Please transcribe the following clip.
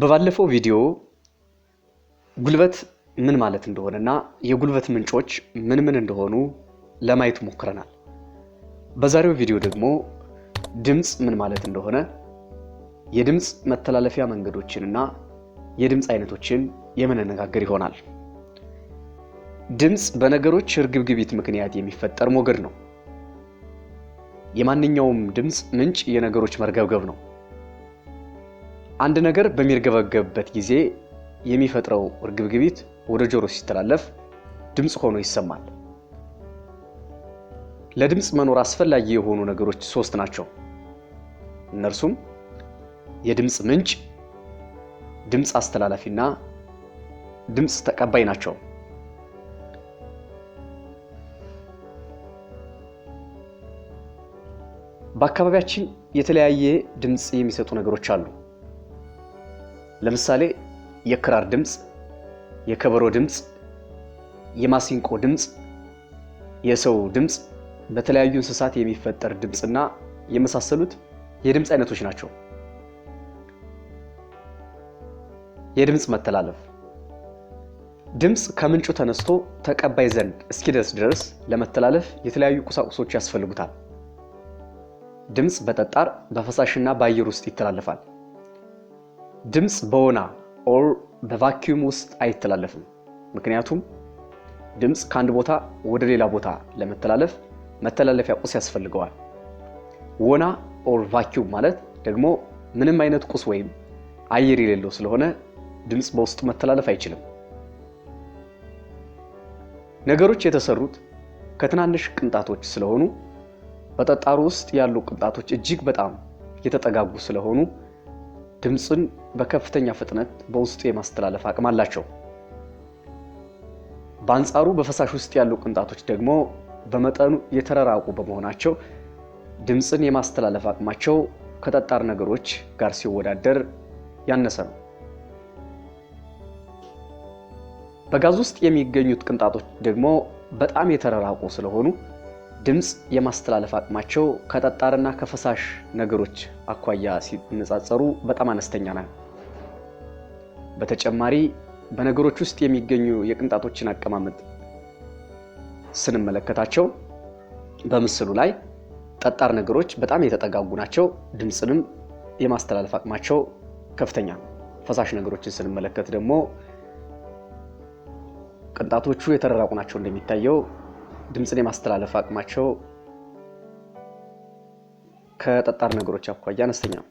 በባለፈው ቪዲዮ ጉልበት ምን ማለት እንደሆነ እና የጉልበት ምንጮች ምን ምን እንደሆኑ ለማየት ሞክረናል። በዛሬው ቪዲዮ ደግሞ ድምፅ ምን ማለት እንደሆነ፣ የድምፅ መተላለፊያ መንገዶችን እና የድምፅ አይነቶችን የምንነጋገር ይሆናል። ድምፅ በነገሮች እርግብግቢት ምክንያት የሚፈጠር ሞገድ ነው። የማንኛውም ድምፅ ምንጭ የነገሮች መርገብገብ ነው። አንድ ነገር በሚርገበገብበት ጊዜ የሚፈጥረው እርግብግቢት ወደ ጆሮ ሲተላለፍ ድምፅ ሆኖ ይሰማል። ለድምፅ መኖር አስፈላጊ የሆኑ ነገሮች ሶስት ናቸው። እነርሱም የድምፅ ምንጭ፣ ድምፅ አስተላላፊና ድምፅ ተቀባይ ናቸው። በአካባቢያችን የተለያየ ድምፅ የሚሰጡ ነገሮች አሉ። ለምሳሌ የክራር ድምፅ፣ የከበሮ ድምፅ፣ የማሲንቆ ድምፅ፣ የሰው ድምፅ፣ በተለያዩ እንስሳት የሚፈጠር ድምፅና የመሳሰሉት የድምፅ አይነቶች ናቸው። የድምፅ መተላለፍ ድምፅ ከምንጩ ተነስቶ ተቀባይ ዘንድ እስኪደርስ ድረስ ለመተላለፍ የተለያዩ ቁሳቁሶች ያስፈልጉታል። ድምፅ በጠጣር በፈሳሽና በአየር ውስጥ ይተላለፋል። ድምፅ በሆና ኦር በቫኪዩም ውስጥ አይተላለፍም። ምክንያቱም ድምፅ ከአንድ ቦታ ወደ ሌላ ቦታ ለመተላለፍ መተላለፊያ ቁስ ያስፈልገዋል። ወና ኦር ቫኪዩም ማለት ደግሞ ምንም አይነት ቁስ ወይም አየር የሌለው ስለሆነ ድምፅ በውስጡ መተላለፍ አይችልም። ነገሮች የተሰሩት ከትናንሽ ቅንጣቶች ስለሆኑ በጠጣሩ ውስጥ ያሉ ቅንጣቶች እጅግ በጣም የተጠጋጉ ስለሆኑ ድምፅን በከፍተኛ ፍጥነት በውስጡ የማስተላለፍ አቅም አላቸው። በአንጻሩ በፈሳሽ ውስጥ ያሉ ቅንጣቶች ደግሞ በመጠኑ የተራራቁ በመሆናቸው ድምፅን የማስተላለፍ አቅማቸው ከጠጣር ነገሮች ጋር ሲወዳደር ያነሰ ነው። በጋዝ ውስጥ የሚገኙት ቅንጣቶች ደግሞ በጣም የተራራቁ ስለሆኑ ድምፅ የማስተላለፍ አቅማቸው ከጠጣርና ከፈሳሽ ነገሮች አኳያ ሲነጻጸሩ በጣም አነስተኛ ነው። በተጨማሪ በነገሮች ውስጥ የሚገኙ የቅንጣቶችን አቀማመጥ ስንመለከታቸው በምስሉ ላይ ጠጣር ነገሮች በጣም የተጠጋጉ ናቸው። ድምፅንም የማስተላለፍ አቅማቸው ከፍተኛ ነው። ፈሳሽ ነገሮችን ስንመለከት ደግሞ ቅንጣቶቹ የተረራቁ ናቸው እንደሚታየው ድምፅን የማስተላለፍ አቅማቸው ከጠጣር ነገሮች አኳያ አነስተኛ ነው።